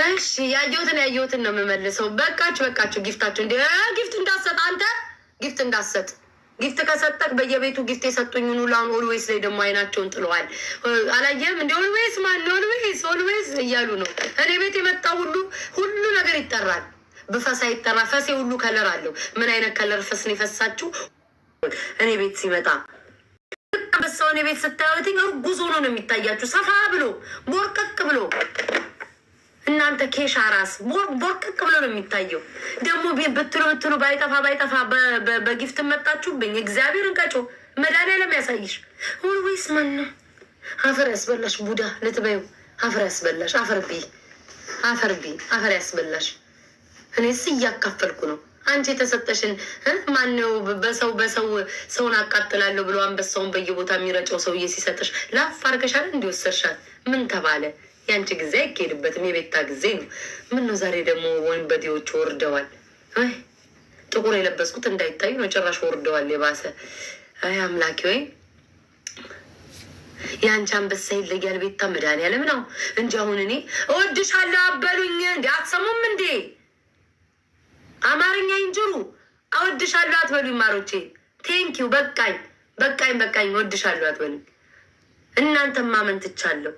እሺ ያየሁትን ያየሁትን ነው የምመልሰው። በቃችሁ በቃችሁ። ጊፍታችሁ እንዲ ጊፍት እንዳሰጥ አንተ ጊፍት እንዳሰጥ ጊፍት ከሰጠቅ በየቤቱ ጊፍት የሰጡኝን ሁላሁን ኦልዌይስ ላይ ደግሞ አይናቸውን ጥለዋል። አላየህም? እንደ ኦልዌይስ ማን ኦልዌይስ ኦልዌይስ እያሉ ነው። እኔ ቤት የመጣ ሁሉ ሁሉ ነገር ይጠራል። ብፈሳ ይጠራ። ፈሴ ሁሉ ከለር አለው። ምን አይነት ከለር ፈስ ነው የፈሳችሁ? እኔ ቤት ሲመጣ በሳው እኔ ቤት ስታዩትኝ እርጉዝ ሆኖ ነው የሚታያችሁ። ሰፋ ብሎ ቦርቀቅ ብሎ እናንተ ኬሻ ራስ ቦርቅቅ ብሎ ነው የሚታየው። ደግሞ ብትሉ ብትሉ ባይጠፋ ባይጠፋ በጊፍት መጣችሁብኝ። እግዚአብሔርን ቀጮ መድኃኒዓለም ያሳይሽ። ወይስ ማን ነው አፈር ያስበላሽ? ቡዳ ልትበዩ አፈር ያስበላሽ። አፈር ቢ አፈር ቢ አፈር ያስበላሽ። እኔስ እያካፈልኩ ነው። አንቺ የተሰጠሽን ማነው? በሰው በሰው ሰውን አቃጥላለሁ ብሎ አንበሳውን በየቦታ የሚረጨው ሰውዬ ሲሰጥሽ ላፍ አድርገሻል እንዲወሰድሻል ምን ተባለ? የአንቺ ጊዜ አይካሄድበትም፣ የቤታ ጊዜ ነው። ምን ነው ዛሬ ደግሞ ወንበዴዎች ወርደዋል። ጥቁር የለበስኩት እንዳይታዩ ነው፣ ጭራሽ ወርደዋል። የባሰ አይ አምላኪ ወይ የአንቺ አንበሳ ይለያል። ቤታ መድኃኒዓለም ነው እንጂ አሁን እኔ እወድሻለሁ አበሉኝ። እንዲ አትሰሙም እንዴ? አማርኛ ይንጅሩ እወድሻለሁ አትበሉኝ። ማሮቼ ቴንኪው። በቃኝ፣ በቃኝ፣ በቃኝ። እወድሻለሁ አትበሉኝ። እናንተ ማመን ትቻለሁ።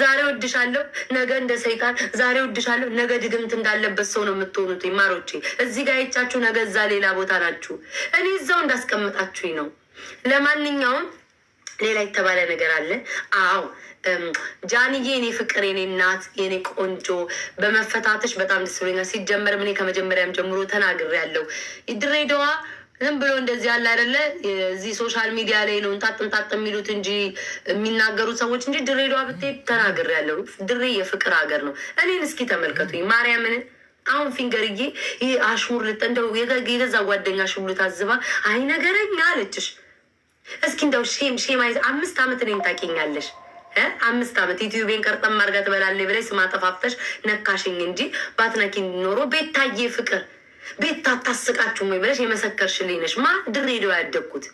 ዛሬ ወድሻለሁ ነገ እንደ ሰይጣን፣ ዛሬ ወድሻለሁ ነገ ድግምት እንዳለበት ሰው ነው የምትሆኑት። ማሮቼ እዚህ ጋር የቻችሁ ነገ እዛ ሌላ ቦታ ናችሁ። እኔ እዛው እንዳስቀምጣችሁኝ ነው። ለማንኛውም ሌላ የተባለ ነገር አለ። አዎ ጃንዬ፣ የኔ ፍቅር፣ የኔ እናት፣ የኔ ቆንጆ በመፈታተሽ በጣም ደስ ብሎኛል። ሲጀመርም እኔ ከመጀመሪያም ጀምሮ ተናግሬያለሁ ድሬዳዋ ዝም ብሎ እንደዚህ ያለ አይደለ እዚህ ሶሻል ሚዲያ ላይ ነው እንጣጥ እንጣጥ የሚሉት እንጂ የሚናገሩት ሰዎች እንጂ ድሬዳዋ ብትሄድ ተናግር ያለው ድሬ የፍቅር ሀገር ነው። እኔን እስኪ ተመልከቱኝ ማርያምን አሁን ፊንገርዬ ይህ አሽሙር ልጠ እንደው የገዛ ጓደኛ ሽሙር ታዝባ አይ ነገረኛ አለችሽ። እስኪ እንደው ሼም ሼም አይ አምስት ዓመት እኔን ታውቂኛለሽ አምስት ዓመት ዩቲዩቤን ቀርጠም አድርጋ ትበላለች ብለሽ ስማ ጠፋፍተሽ ነካሽኝ እንጂ ባትነኪ ኖሮ ቤታዬ ፍቅር ቤት አታስቃችሁም ወይ ብለሽ የመሰከርሽልኝ ነሽ። ማ ድሬዳዋ ያደግኩት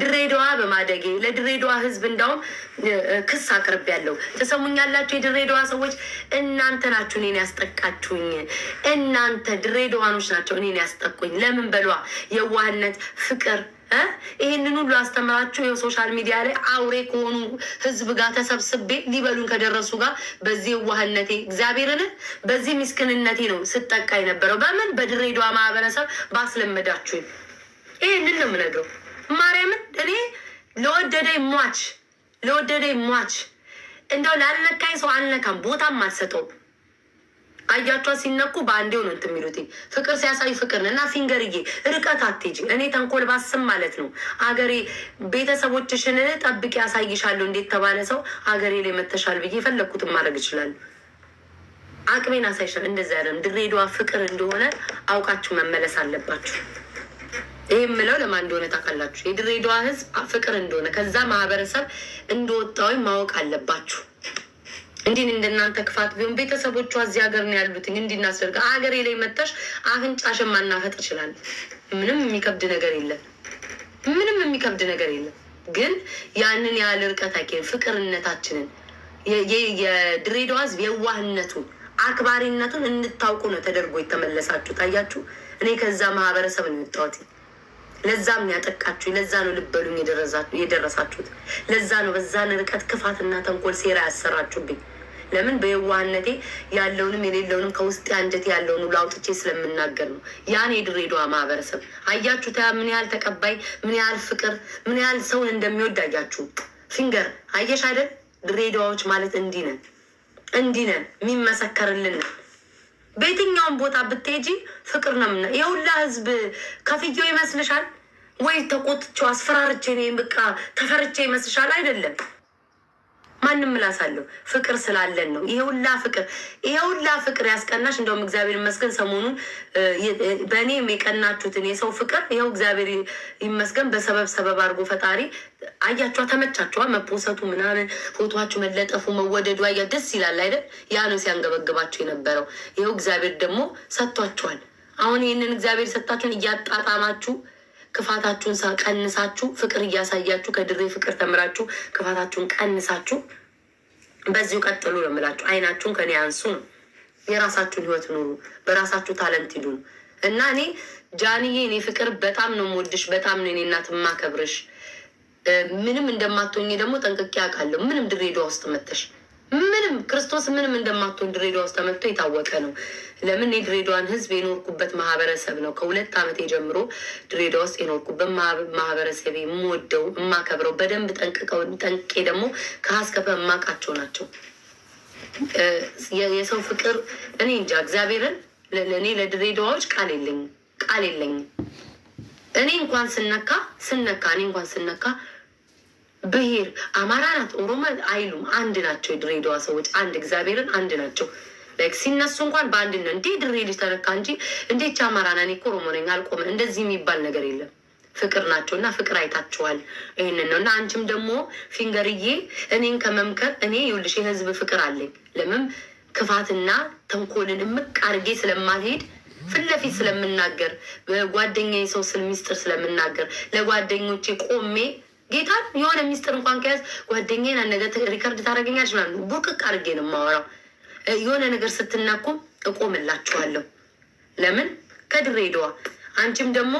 ድሬዳዋ በማደጌ ለድሬዳዋ ሕዝብ እንዳውም ክስ አቅርብ ያለው ትሰሙኛላችሁ? የድሬዳዋ ሰዎች እናንተ ናችሁ እኔን ያስጠቃችሁኝ። እናንተ ድሬዳዋኖች ናቸው እኔን ያስጠቁኝ። ለምን በሏ የዋህነት ፍቅር ይህንን ሁሉ አስተምራቸው የሶሻል ሚዲያ ላይ አውሬ ከሆኑ ህዝብ ጋር ተሰብስቤ ሊበሉን ከደረሱ ጋር በዚህ የዋህነቴ እግዚአብሔርን በዚህ ምስክንነቴ ነው ስጠቃ የነበረው። በምን በድሬዳዋ ማህበረሰብ ባስለመዳችሁ ይህንን ነው የምነግረው። ማርያምን እኔ ለወደደኝ ሟች ለወደደኝ ሟች እንደው ላልነካኝ ሰው አልነካም፣ ቦታም አልሰጠውም። አያቿ ሲነኩ በአንዴው ነው የሚሉት። ፍቅር ሲያሳዩ ፍቅር እና ፊንገርዬ ርቀት አትጂ። እኔ ተንኮል ባስም ማለት ነው አገሬ ቤተሰቦችሽን ጠብቂ ያሳይሻለሁ። እንዴት ተባለ ሰው አገሬ ላይ መተሻል ብዬ የፈለግኩትን ማድረግ እችላለሁ። አቅሜን አሳይሻል። እንደዚ ያለም ድሬዳዋ ፍቅር እንደሆነ አውቃችሁ መመለስ አለባችሁ። ይህ የምለው ለማን እንደሆነ ታውቃላችሁ። የድሬዳዋ ህዝብ ፍቅር እንደሆነ ከዛ ማህበረሰብ እንደወጣዊ ማወቅ አለባችሁ። እንዲህ እንደናንተ ክፋት ቢሆን ቤተሰቦቿ እዚህ ሀገር ነው ያሉትኝ እንዲናስደርግ ሀገሬ ላይ መጥተሽ አፍንጫሽን ማናፈጥ ይችላል። ምንም የሚከብድ ነገር የለም። ምንም የሚከብድ ነገር የለም። ግን ያንን ያህል እርቀት አቂ ፍቅርነታችንን የድሬዳዋ ህዝብ የዋህነቱን አክባሪነቱን እንድታውቁ ነው ተደርጎ የተመለሳችሁ። ታያችሁ፣ እኔ ከዛ ማህበረሰብ ነው የወጣሁት። ለዛም ያጠቃችሁ፣ ለዛ ነው ልበሉኝ የደረሳችሁት። ለዛ ነው በዛን ርቀት ክፋትና ተንኮል ሴራ ያሰራችሁብኝ። ለምን በየዋህነቴ ያለውንም የሌለውንም ከውስጥ አንጀት ያለውን ሁሉ አውጥቼ ስለምናገር ነው። ያን የድሬዳዋ ማህበረሰብ አያችሁ፣ ታ ምን ያህል ተቀባይ፣ ምን ያህል ፍቅር፣ ምን ያህል ሰውን እንደሚወድ አያችሁ። ፊንገር አየሽ አይደል? ድሬዳዋዎች ማለት እንዲህ ነን፣ እንዲህ ነን፣ የሚመሰከርልን በየትኛውም ቦታ ብትሄጂ ፍቅር ነው ምና የሁላ ህዝብ ከፍየው ይመስልሻል ወይ? ተቆጥቼው አስፈራርቼ በቃ ተፈርቼ ይመስልሻል? አይደለም ማንም አለው ፍቅር ስላለን ነው። ይሄ ሁላ ፍቅር ይሄ ሁላ ፍቅር ያስቀናሽ። እንደውም እግዚአብሔር ይመስገን ሰሞኑን በእኔም የቀናችሁትን የሰው ፍቅር ይኸው እግዚአብሔር ይመስገን በሰበብ ሰበብ አድርጎ ፈጣሪ አያችኋ፣ ተመቻችኋ፣ መፖሰቱ ምናምን ፎቶችሁ መለጠፉ መወደዱ አያ ደስ ይላል አይደል? ያ ነው ሲያንገበግባችሁ የነበረው። ይኸው እግዚአብሔር ደግሞ ሰጥቷችኋል። አሁን ይህንን እግዚአብሔር ሰጣችሁን እያጣጣማችሁ ክፋታችሁን ቀንሳችሁ ፍቅር እያሳያችሁ ከድሬ ፍቅር ተምራችሁ ክፋታችሁን ቀንሳችሁ በዚሁ ቀጥሉ ነው የምላችሁ። አይናችሁን ከኔ አንሱ ነው። የራሳችሁን ህይወት ኑሩ፣ በራሳችሁ ታለንት ይዱ እና እኔ ጃንዬ፣ እኔ ፍቅር በጣም ነው የምወድሽ፣ በጣም ነው እኔ እናት የማከብርሽ። ምንም እንደማትሆኝ ደግሞ ጠንቅቄ አውቃለሁ። ምንም ድሬዳዋ ውስጥ መተሽ ምንም ክርስቶስ ምንም እንደማትሆን ድሬዳዋ ውስጥ ተመልቶ የታወቀ ነው። ለምን የድሬዳዋን ሕዝብ የኖርኩበት ማህበረሰብ ነው። ከሁለት ዓመት ጀምሮ ድሬዳዋ ውስጥ የኖርኩበት ማህበረሰብ የምወደው የማከብረው በደንብ ጠንቄ ጠንቅቄ ደግሞ ከሀስከፈ የማውቃቸው ናቸው። የሰው ፍቅር እኔ እንጃ እግዚአብሔርን እኔ ለድሬዳዋዎች ቃል የለኝም ቃል የለኝም። እኔ እንኳን ስነካ ስነካ እኔ እንኳን ስነካ ብሄር አማራ ናት ኦሮሞ አይሉም። አንድ ናቸው። የድሬዳዋ ሰዎች አንድ እግዚአብሔርን አንድ ናቸው። ላይክ ሲነሱ እንኳን በአንድ ነው። እንዴ ድሬ ልጅ ተነካ እንጂ እንዴች አማራ ነኝ እኮ ኦሮሞ ነኝ አልቆመ እንደዚህ የሚባል ነገር የለም። ፍቅር ናቸው እና ፍቅር አይታችኋል። ይህንን ነው እና አንቺም ደግሞ ፊንገርዬ እኔን ከመምከር እኔ ይኸውልሽ የህዝብ ፍቅር አለኝ። ለምን ክፋትና ተንኮልን እምቅ አድርጌ ስለማልሄድ ፊት ለፊት ስለምናገር ጓደኛ ሰው ስል ሚስጥር ስለምናገር ለጓደኞቼ ቆሜ ጌታን የሆነ ሚስጥር እንኳን ከያዝ ጓደኛዬን ነገ ሪከርድ ታደርገኛለች ምናምን ቡቅቅ አድርጌ ነው የማወራው። የሆነ ነገር ስትናኩም እቆምላችኋለሁ። ለምን ከድሬዳዋ አንቺም ደግሞ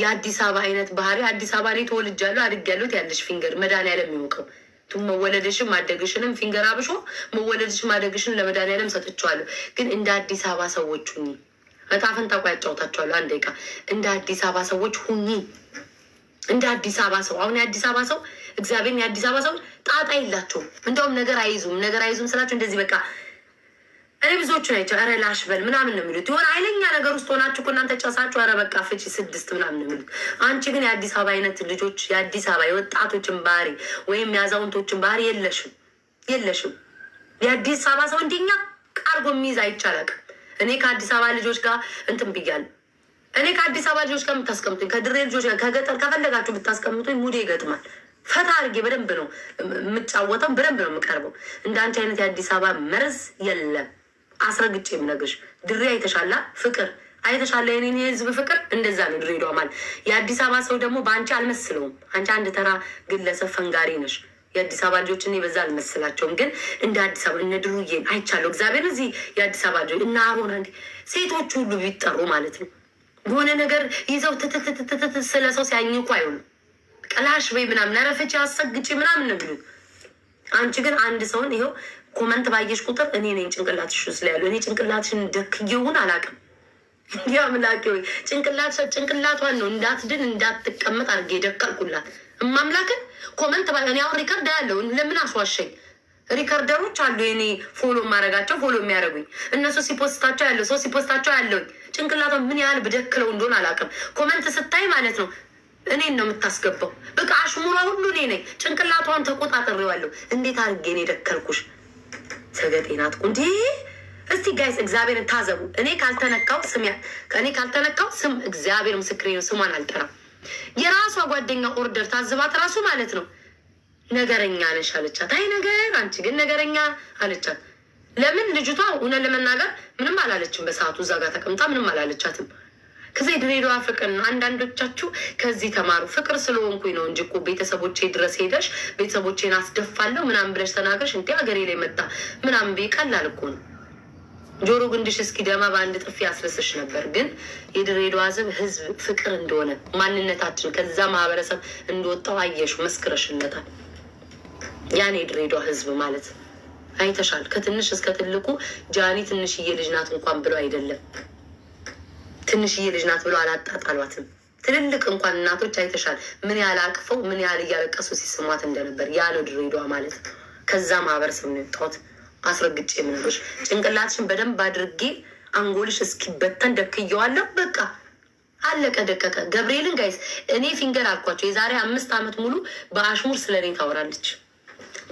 የአዲስ አበባ አይነት ባህሪ አዲስ አበባ ላይ ተወልጃለሁ አድጌያለሁ ያለሽ ፊንገር መድኃኒዓለም ቱም መወለደሽን ማደግሽንም ፊንገር አብሾ መወለደሽን ማደግሽን ለመድኃኒዓለም ሰጥቼዋለሁ። ግን እንደ አዲስ አበባ ሰዎች ሁኚ። እጣ ፈንታ እኮ አንድ ደቂቃ እንደ አዲስ አበባ ሰዎች ሁኚ። እንደ አዲስ አበባ ሰው አሁን የአዲስ አበባ ሰው እግዚአብሔር የአዲስ አበባ ሰው ጣጣ የላቸውም። እንደውም ነገር አይዙም ነገር አይዙም ስላቸው እንደዚህ በቃ እኔ ብዙዎቹ ናቸው ረ ላሽበል ምናምን ነው የሚሉት። የሆነ ኃይለኛ ነገር ውስጥ ሆናችሁ እኮ እናንተ ጨሳችሁ ረ በቃ ፍቺ ስድስት ምናምን ነው የሚሉት። አንቺ ግን የአዲስ አበባ አይነት ልጆች የአዲስ አበባ የወጣቶችን ባህሪ ወይም የአዛውንቶችን ባህሪ የለሽም የለሽም። የአዲስ አበባ ሰው እንደኛ ቃርጎ የሚይዝ አይቻላቅም። እኔ ከአዲስ አበባ ልጆች ጋር እንትን ብያለሁ እኔ ከአዲስ አበባ ልጆች ጋር የምታስቀምጡኝ ከድሬ ልጆች ጋር ከገጠር ከፈለጋችሁ ብታስቀምጡኝ ሙዴ ይገጥማል። ፈታ አድርጌ በደንብ ነው የምጫወተው፣ በደንብ ነው የምቀርበው። እንደ አንቺ አይነት የአዲስ አበባ መርዝ የለም። አስረግጬ የምነግርሽ ድሬ አይተሻላ ፍቅር አይተሻለ የኔን የህዝብ ፍቅር እንደዛ ነው ድሬዳዋ ማለት። የአዲስ አበባ ሰው ደግሞ በአንቺ አልመስለውም። አንቺ አንድ ተራ ግለሰብ ፈንጋሪ ነሽ። የአዲስ አበባ ልጆች እኔ በዛ አልመስላቸውም። ግን እንደ አዲስ አበባ እነ ድሩዬን አይቻለሁ። እግዚአብሔር እዚህ የአዲስ አበባ ልጆች እና አሁን ሴቶች ሁሉ ቢጠሩ ማለት ነው የሆነ ነገር ይዘው ትትትትትት ስለ ሰው ሲያኝኩ አይሆኑ ወይ ምናምን አሰግጭ ምናምን ነው አንቺ ግን አንድ ሰውን ይኸው ኮመንት ባየሽ ቁጥር እኔ ነኝ ጭንቅላትሽ ውስጥ ያሉ እኔ ጭንቅላትሽን ደክየውን አላውቅም። ወይ ጭንቅላት ጭንቅላቷን ነው እንዳትድን እንዳትቀመጥ አድርጌ የደቀልኩላት እማምላክን ኮመንት ባ እኔ አሁን ሪከርድ ያለው ለምን አስዋሸኝ? ሪከርደሮች አሉ የኔ ፎሎ ማድረጋቸው ፎሎ የሚያደርጉኝ እነሱ ሲፖስታቸው ያለው ሰው ሲፖስታቸው ያለውኝ ጭንቅላቷን ምን ያህል ብደክለው እንደሆን አላውቅም። ኮመንት ስታይ ማለት ነው እኔን ነው የምታስገባው። በቃ አሽሙራ ሁሉ እኔ ነኝ። ጭንቅላቷን ተቆጣጠሬዋለሁ። እንዴት አድርጌን የደከልኩሽ ሰገጤናት እንዴ! እስቲ ጋይስ እግዚአብሔርን ታዘቡ። እኔ ካልተነካው ስም ከእኔ ካልተነካው ስም እግዚአብሔር ምስክሬ ነው፣ ስሟን አልጠራም። የራሷ ጓደኛ ኦርደር ታዝባት ራሱ ማለት ነው ነገረኛ ነሽ አለቻት። አይ ነገር አንቺ ግን ነገረኛ አለቻት። ለምን ልጅቷ እውነት ለመናገር ምንም አላለችም። በሰዓቱ እዛ ጋር ተቀምጣ ምንም አላለቻትም። ከዚ የድሬዳዋ ፍቅር ነው። አንዳንዶቻችሁ ከዚህ ተማሩ። ፍቅር ስለሆንኩኝ ነው እንጂ እኮ ቤተሰቦቼ ድረስ ሄደሽ ቤተሰቦቼን አስደፋለሁ ምናምን ብለሽ ተናገርሽ፣ እንዲ ሀገሬ ላይ መጣ ምናምን ብዬ ቀላል እኮ ነው። ጆሮ ግንድሽ ደማ በአንድ ጥፊ አስረስሽ ነበር። ግን የድሬዳዋ ህዝብ ፍቅር እንደሆነ ማንነታችን ከዛ ማህበረሰብ እንደወጣው አየሹ፣ መስክረሽነታል። ያን የድሬዳዋ ህዝብ ማለት አይተሻል። ከትንሽ እስከ ትልቁ ጃኒ ትንሽዬ ልጅ ናት እንኳን ብሎ አይደለም ትንሽዬ ልጅ ናት ብሎ አላጣጣሏትም። ትልልቅ እንኳን እናቶች አይተሻል፣ ምን ያህል አቅፈው ምን ያህል እያለቀሱ ሲስሟት እንደነበር። ያ ነው ድሬዳዋ ማለት። ከዛ ማህበረሰብ ነው የወጣሁት። አስረግጬ የምነግርሽ ጭንቅላትሽን በደንብ አድርጌ አንጎልሽ እስኪበተን ደክየዋለሁ። በቃ አለቀ ደቀቀ። ገብርኤልን ጋይስ እኔ ፊንገር አልኳቸው። የዛሬ አምስት ዓመት ሙሉ በአሽሙር ስለኔ ታወራለች።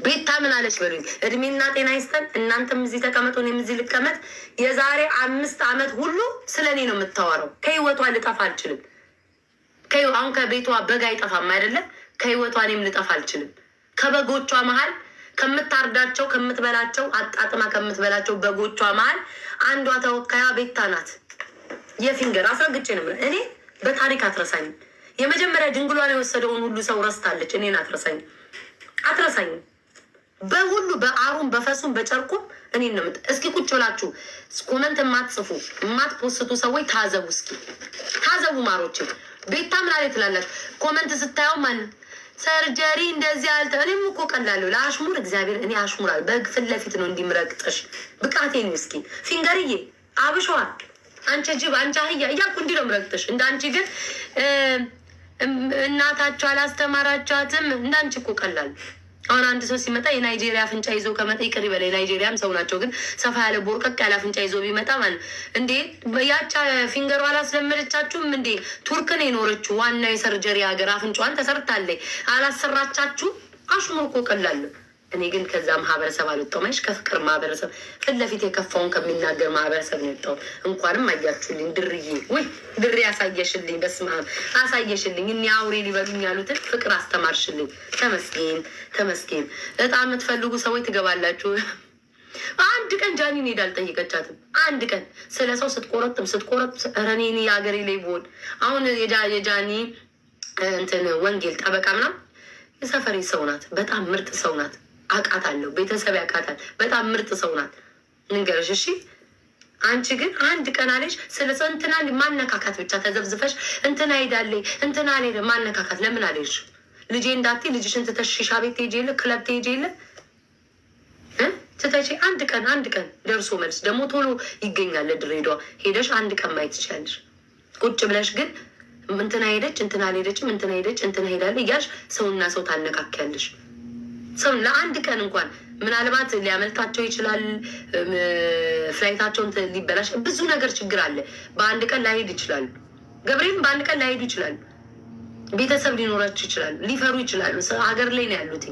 ቤታ ምን አለች በሉኝ። እድሜና ጤና ይስጠን። እናንተም እዚህ ተቀመጡ፣ እኔም እዚህ ልቀመጥ። የዛሬ አምስት ዓመት ሁሉ ስለ እኔ ነው የምታወራው። ከህይወቷ ልጠፋ አልችልም። አሁን ከቤቷ በግ አይጠፋም አይደለም? ከህይወቷ እኔም ልጠፋ አልችልም። ከበጎቿ መሀል ከምታርዳቸው ከምትበላቸው አጣጥማ ከምትበላቸው በጎቿ መሀል አንዷ ተወካያ ቤታ ናት። የፊንገር አስረግጬ ነው እኔ በታሪክ አትረሳኝም። የመጀመሪያ ድንግሏን የወሰደውን ሁሉ ሰው ረስታለች። እኔን አትረሳኝም፣ አትረሳኝም። በሁሉ በአሩም በፈሱም በጨርቁም እኔ ነው። እስኪ ቁጭ ብላችሁ ኮመንት የማትጽፉ የማትፖስቱ ሰዎች ታዘቡ፣ እስኪ ታዘቡ። ማሮች ቤታ ምናምን ትላላችሁ። ኮመንት ስታየው ማን ሰርጀሪ እንደዚህ አልተ እኔም እኮ ቀላለሁ ለአሽሙር እግዚአብሔር እኔ አሽሙራል በግ ፊት ለፊት ነው እንዲምረቅጥሽ ብቃቴ ነው። እስኪ ፊንገርዬ አብሸዋል አንቺ ጅብ አንቺ አህያ እያልኩ እንዲህ ነው ምረግጥሽ። እንደ አንቺ ግን እናታቸው አላስተማራቸዋትም። እንዳንቺ እኮ ቀላሉ አሁን አንድ ሰው ሲመጣ የናይጄሪያ አፍንጫ ይዞ ከመጣ ይቅር ይበለ። የናይጄሪያም ሰው ናቸው፣ ግን ሰፋ ያለ ቦርቀቅ ያለ አፍንጫ ይዞ ቢመጣ ማለት እንዴ ያቻ ፊንገሯ አላስለመደቻችሁም እንዴ? ቱርክን የኖረችው ዋናው የሰርጀሪ ሀገር አፍንጫዋን ተሰርታለ አላሰራቻችሁ። አሽሙር እኮ ቀላል ነው። እኔ ግን ከዛ ማህበረሰብ አልወጣሁም። አይሽ ከፍቅር ማህበረሰብ ፊት ለፊት የከፋውን ከሚናገር ማህበረሰብ ነው የወጣሁት። እንኳንም አያችሁልኝ ድርዬ፣ ወይ ድሬ አሳየሽልኝ፣ በስመ አብ አሳየሽልኝ። እኒ አውሬ ሊበሉኝ ያሉትን ፍቅር አስተማርሽልኝ። ተመስገን ተመስገን። እጣ የምትፈልጉ ሰዎች ትገባላችሁ። አንድ ቀን ጃኒን ሄዳ አልጠየቀቻትም። አንድ ቀን ስለ ሰው ስትቆረጥም ስትቆረጥ ረኔኒ የሀገሬ ላይ ብሆን አሁን የጃኒ እንትን ወንጌል ጠበቃ ምናምን የሰፈሬ ሰው ናት። በጣም ምርጥ ሰው ናት። አቃታለሁ፣ ቤተሰብ ያቃታል። በጣም ምርጥ ሰው ናት ንገርሽ። እሺ አንቺ ግን አንድ ቀን አለሽ ስለ ሰው እንትና ማነካካት ብቻ ተዘብዝፈሽ እንትና ሄዳለች እንትና ሌ ማነካካት ለምን አለሽ? ልጄ እንዳቴ ልጅሽን ትተሽ ሺሻ ቤት ትሄጂ የለ ክለብ ትሄጂ የለ ትተሽ አንድ ቀን አንድ ቀን ደርሶ መልስ ደግሞ ቶሎ ይገኛል። ለድሬዳዋ ሄደሽ አንድ ቀን ማየት ትችላለሽ። ቁጭ ብለሽ ግን እንትና ሄደች እንትና ሄደችም እንትና ሄደች እንትና ሄዳለ እያልሽ ሰውና ሰው ታነካክያለሽ። ሰው ለአንድ ቀን እንኳን ምናልባት ሊያመልጣቸው ይችላል። ፍላይታቸውን ሊበላሽ ብዙ ነገር ችግር አለ። በአንድ ቀን ላይሄድ ይችላሉ። ገብርኤልም በአንድ ቀን ላይሄዱ ይችላሉ። ቤተሰብ ሊኖራቸው ይችላሉ። ሊፈሩ ይችላሉ። ሀገር ላይ ነው ያሉት።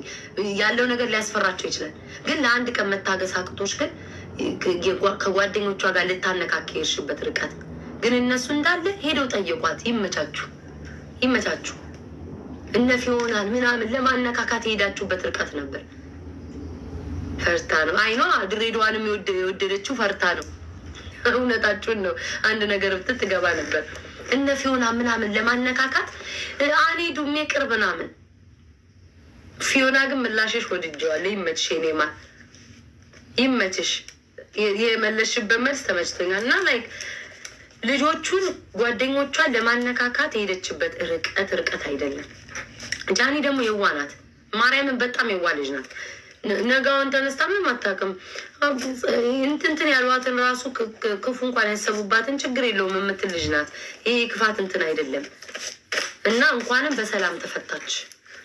ያለው ነገር ሊያስፈራቸው ይችላል። ግን ለአንድ ቀን መታገስ አቅቶች ግን ከጓደኞቿ ጋር ልታነካከ የሄድሽበት ርቀት ግን እነሱ እንዳለ ሄደው ጠየቋት። ይመቻችሁ፣ ይመቻችሁ። እነት ይሆናል ምናምን ለማነካካት የሄዳችሁበት ርቀት ነበር። ፈርታ ነው አይኗ ድሬዳዋንም የወደደችው ፈርታ ነው። እውነታችሁን ነው። አንድ ነገር ብትት ትገባ ነበር። እነፍ ይሆናል ምናምን ለማነካካት አኔ ዱሜ ቅርብ ምናምን ፊዮና ግን ምላሽሽ ወድጀዋለሁ። ይመችሽ፣ ኔማ ይመችሽ። የመለስሽበት መልስ ተመችቶኛል። እና ላይክ ልጆቹን ጓደኞቿን ለማነካካት የሄደችበት ርቀት ርቀት አይደለም። ጃኒ ደግሞ የዋ ናት። ማርያምን በጣም የዋ ልጅ ናት። ነጋውን ተነስታ ምንም አታውቅም። እንትንትን ያሏትን ራሱ ክፉ እንኳን ያሰቡባትን ችግር የለውም የምትል ልጅ ናት። ይህ ክፋት እንትን አይደለም እና እንኳንም በሰላም ተፈታች።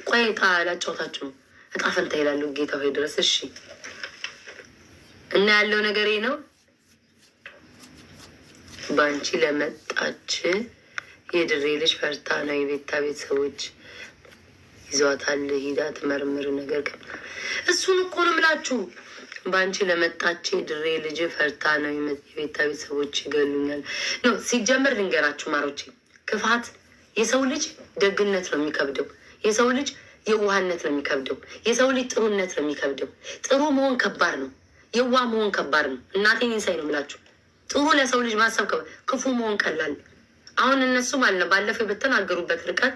ቆይ እጣ ላጫውታችሁ እጣ ፈንታ ይላሉ ጌታ ሆይ ድረስ እሺ። እና ያለው ነገር ነው በአንቺ ለመጣች የድሬ ልጅ ፈርታ ነው የቤታ ቤተሰቦች ይዟታል። ሂዳ ትመርምር ነገር እሱን እኮ ነው ምላችሁ። በአንቺ ለመጣች ድሬ ልጅ ፈርታ ነው የቤታ ቤተሰቦች ይገሉኛል ነው። ሲጀመር ልንገራችሁ ማሮቼ፣ ክፋት የሰው ልጅ ደግነት ነው የሚከብደው። የሰው ልጅ የዋህነት ነው የሚከብደው። የሰው ልጅ ጥሩነት ነው የሚከብደው። ጥሩ መሆን ከባድ ነው። የዋ መሆን ከባድ ነው። እናቴን ይንሳይ ነው ምላችሁ። ጥሩ ለሰው ልጅ ማሰብ ከባድ፣ ክፉ መሆን ቀላል። አሁን እነሱ ማለት ነው ባለፈው በተናገሩበት ርቀት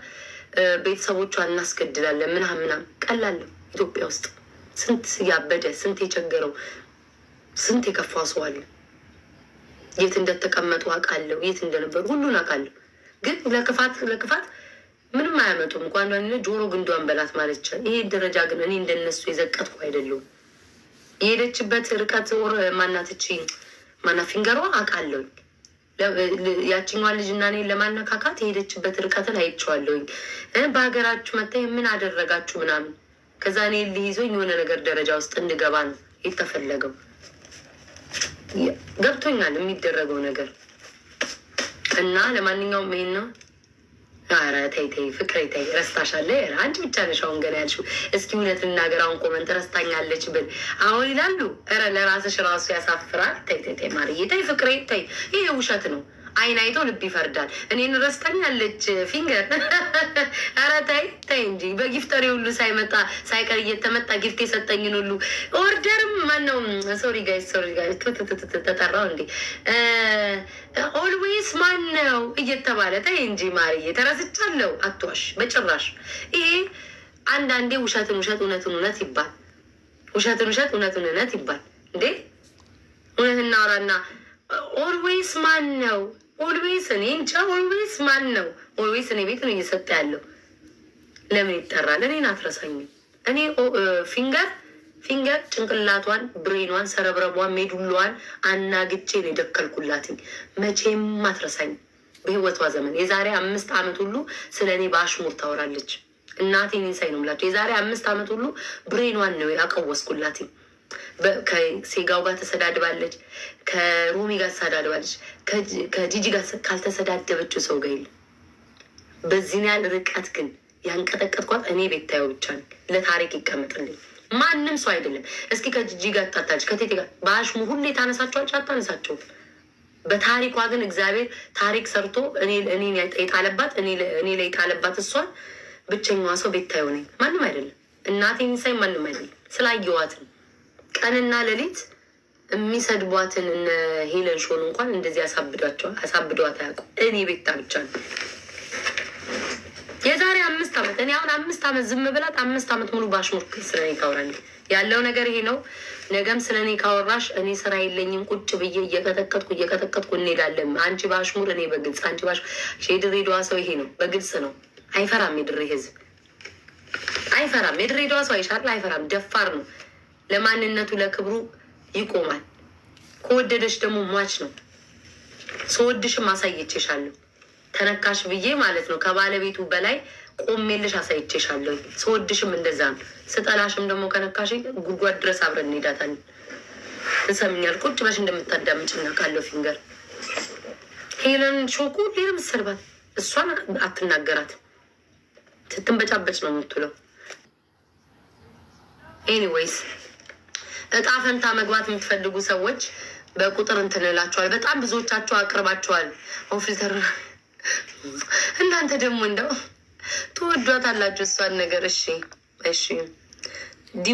ቤተሰቦቿን እናስገድላለን ምናምን ምናምን ቀላለሁ ኢትዮጵያ ውስጥ ስንት ያበደ ስንት የቸገረው ስንት የከፋ ሰው አለ። የት እንደተቀመጡ አውቃለሁ፣ የት እንደነበሩ ሁሉን አውቃለሁ። ግን ለክፋት ለክፋት ምንም አያመጡም። እንኳን ጆሮ ግንዷን በላት ማለት ይቻል። ይሄ ደረጃ ግን እኔ እንደነሱ የዘቀጥኩ አይደለሁም። የሄደችበት ርቀት ወር ማናትቺ ማና ፊንገሯ አውቃለሁኝ ያችኛዋን ልጅ እና እኔን ለማነካካት የሄደችበት ርቀትን አይቼዋለሁኝ። በሀገራችሁ መታ ምን አደረጋችሁ ምናምን፣ ከዛ እኔን ሊይዞኝ የሆነ ነገር ደረጃ ውስጥ እንድገባ ነው የተፈለገው። ገብቶኛል የሚደረገው ነገር እና ለማንኛውም ይሄን ነው ኧረ ተይ ተይ ፍቅሬ ተይ ረስታሻለሁ። ኧረ አንቺ ብቻ ነሽ አሁን ገና ያልሽው። እስኪ እውነት ልናገር አሁን ኮመንት ረስታኛለች ብል አሁን ይላሉ። ኧረ ለራስሽ ራሱ ያሳፍራል። ተይ ተይ ተይ ማርዬ ተይ ፍቅሬ ተይ። ይሄ ውሸት ነው። አይን አይቶ ልብ ይፈርዳል። እኔን ያለች ፊንገር። ኧረ ተይ ተይ እንጂ በጊፍተሪ ሁሉ ሳይመጣ ሳይቀር እየተመጣ ጊፍት የሰጠኝን ሁሉ ኦርደርም ማነው? ሶሪ ጋይስ ሶሪ ጋይስ ተጠራው እንዴ ኦልዌይስ ማነው እየተባለ ተይ እንጂ ማርዬ፣ ተረስቻለሁ። አትዋሽ በጭራሽ። ይሄ አንዳንዴ ውሸትን ውሸት እውነትን እውነት ይባል ውሸትን ውሸት እውነትን እውነት ይባል እንዴ እውነት እናውራና ኦልዌይስ ማን ነው ኦልዌይስ እኔ እንጃ። ኦልዌይስ ማን ነው? ኦልዌይስ እኔ ቤት ነው እየሰጠ ያለው። ለምን ይጠራል? እኔን አትረሳኝም። እኔ ፊንገር ፊንገር ጭንቅላቷን፣ ብሬኗን፣ ሰረብረቧን፣ ሜዱሏን አናግቼ ነው የደከልኩላትኝ። መቼም አትረሳኝ በህይወቷ ዘመን። የዛሬ አምስት ዓመት ሁሉ ስለ እኔ በአሽሙር ታወራለች። እናቴ እኔን ሳይ ነው የምላቸው። የዛሬ አምስት ዓመት ሁሉ ብሬኗን ነው ያቀወስኩላትኝ። ከሴጋው ጋር ተሰዳድባለች፣ ከሩሚ ጋር ተሰዳድባለች፣ ከጂጂ ጋር ካልተሰዳደበችው ሰው ጋር የለም። በዚህን ያህል ርቀት ግን ያንቀጠቀጥኳት እኔ ቤታየው ብቻ ነኝ። ለታሪክ ይቀመጥልኝ ማንም ሰው አይደለም። እስኪ ከጂጂ ጋር ታታለች፣ ከቴቴ ጋር በአሽሙ ሁሌ ታነሳቸዋለች፣ አታነሳቸውም። በታሪኳ ግን እግዚአብሔር ታሪክ ሰርቶ እኔ የጣለባት እኔ ላይ የጣለባት እሷን ብቸኛዋ ሰው ቤታየው ነኝ፣ ማንም አይደለም። እናቴን ሳይ ማንም አይደለም። ስላየዋት ነው ቀንና ሌሊት የሚሰድቧትን እነ ሄለን ሾን እንኳን እንደዚህ ያሳብዷቸዋል። አሳብዷት አያውቁም። እኔ ቤታ ብቻ ነው የዛሬ አምስት ዓመት እኔ አሁን አምስት ዓመት ዝም ብላት አምስት ዓመት ሙሉ ባሽሙርክ ስለኔ እኔ ያለው ነገር ይሄ ነው። ነገም ስለኔ ካወራሽ እኔ ስራ የለኝም ቁጭ ብዬ እየቀጠቀጥኩ እየቀጠቀጥኩ እንሄዳለን። አንቺ ባሽሙር፣ እኔ በግልጽ አንቺ ባሽሙር። የድሬዳዋ ሰው ይሄ ነው፣ በግልጽ ነው። አይፈራም፣ የድሬ ህዝብ አይፈራም። የድሬዳዋ ሰው አይሻል፣ አይፈራም። ደፋር ነው። ለማንነቱ ለክብሩ ይቆማል። ከወደደች ደግሞ ሟች ነው። ስወድሽም አሳይቼሻለሁ ተነካሽ ብዬ ማለት ነው። ከባለቤቱ በላይ ቆሜልሽ አሳይቼሻለሁ። ስወድሽም እንደዛ ነው። ስጠላሽም ደግሞ ከነካሽ ጉድጓድ ድረስ አብረን እንሄዳታለን። እንሰምኛል ቁጭ በሽ እንደምታዳምጭ እናውቃለሁ። ፊንገር ሄለን ሾኩ ሌለ ምሰልባት እሷን አትናገራት ስትንበጫበጭ ነው የምትውለው። ኤኒዌይስ እጣ ፈንታ መግባት የምትፈልጉ ሰዎች በቁጥር እንትንላቸዋል በጣም ብዙዎቻቸው አቅርባቸዋል። ኦፊሰር እናንተ ደግሞ እንደው ትወዷት እሷን ነገር። እሺ እሺ